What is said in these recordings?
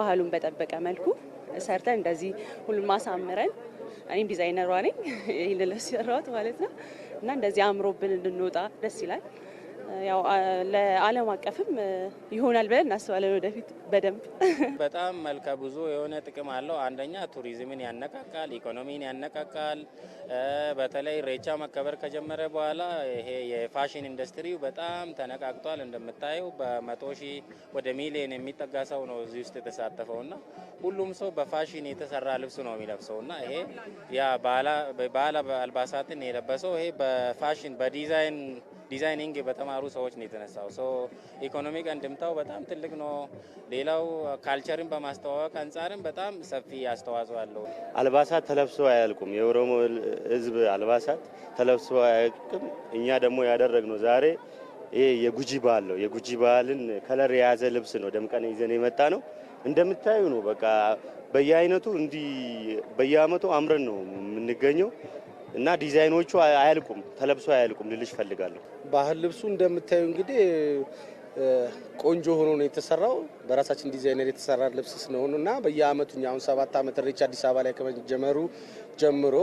ባህሉን በጠበቀ መልኩ ሰርተን እንደዚህ ሁሉን አሳምረን እኔም ዲዛይነሯ ነኝ ይህን ለስ ማለት ነው እና እንደዚህ አምሮብን እንድንወጣ ደስ ይላል። ያው ለዓለም አቀፍም ይሆናል ብለን እናስባለን። ወደፊት በደንብ በጣም መልከ ብዙ የሆነ ጥቅም አለው። አንደኛ ቱሪዝምን ያነቃቃል፣ ኢኮኖሚን ያነቃቃል። በተለይ ሬቻ መከበር ከጀመረ በኋላ ይሄ የፋሽን ኢንዱስትሪው በጣም ተነቃቅቷል። እንደምታየው በመቶ ሺህ ወደ ሚሊዮን የሚጠጋ ሰው ነው እዚህ ውስጥ የተሳተፈው እና ሁሉም ሰው በፋሽን የተሰራ ልብስ ነው የሚለብሰው እና ይሄ ያ ባህላ አልባሳትን የለበሰው ይሄ በፋሽን በዲዛይን ዲዛይኒንግ በተማ ከተማሩ ሰዎች ነው የተነሳው። ኢኮኖሚ እንድምታው በጣም ትልቅ ነው። ሌላው ካልቸርን በማስተዋወቅ አንጻርም በጣም ሰፊ አስተዋጽኦ አለው። አልባሳት ተለብሶ አያልቁም። የኦሮሞ ህዝብ አልባሳት ተለብሶ አያልቅም። እኛ ደግሞ ያደረግነው ዛሬ ይሄ የጉጂ ባህል ነው። የጉጂ ባህልን ከለር የያዘ ልብስ ነው ደምቀን ይዘን የመጣ ነው። እንደምታዩ ነው በቃ በየአይነቱ እንዲህ በየአመቱ አምረን ነው የምንገኘው። እና ዲዛይኖቹ አያልቁም፣ ተለብሶ አያልቁም ልልሽ ፈልጋለሁ። ባህል ልብሱ እንደምታዩ እንግዲህ ቆንጆ ሆኖ ነው የተሰራው። በራሳችን ዲዛይነር የተሰራ ልብስ ስለሆኑ እና በየአመቱ አሁን ሰባት አመት ሬቻ አዲስ አበባ ላይ ከመጀመሩ ጀምሮ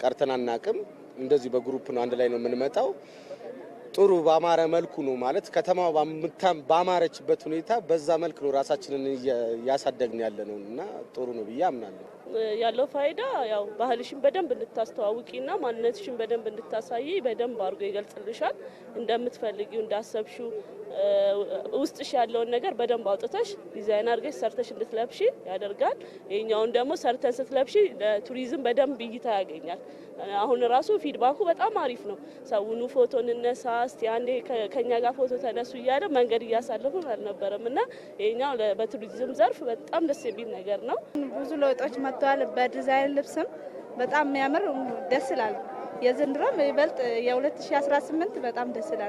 ቀርተን አናቅም። እንደዚህ በግሩፕ ነው አንድ ላይ ነው የምንመጣው። ጥሩ ባማረ መልኩ ነው ማለት ከተማው ባማረችበት ሁኔታ በዛ መልክ ነው ራሳችንን እያሳደግን ያለ ነው እና ጥሩ ነው ብዬ አምናለሁ። ያለው ፋይዳ ያው ባህልሽን በደንብ እንድታስተዋውቂና ማንነትሽን በደንብ እንድታሳይ በደንብ አድርጎ ይገልጽልሻል። እንደምትፈልጊው እንዳሰብሽው ውስጥሽ ያለውን ነገር በደንብ አውጥተሽ ዲዛይን አድርገሽ ሰርተሽ እንድትለብሺ ያደርጋል። ይህኛውን ደግሞ ሰርተን ስትለብሺ ለቱሪዝም በደንብ እይታ ያገኛል። አሁን ራሱ ፊድባኩ በጣም አሪፍ ነው። ሰውኑ ፎቶ እንነሳ እስቲ አንዴ ከኛ ጋር ፎቶ ተነሱ እያለ መንገድ እያሳለፉን አልነበረም እና ይህኛው በቱሪዝም ዘርፍ በጣም ደስ የሚል ነገር ነው። ብዙ ለውጦች መጥተዋል። በዲዛይን ልብስም በጣም የሚያምር ደስ ይላል። የዘንድሮም ይበልጥ የ2018 በጣም ደስ ይላል።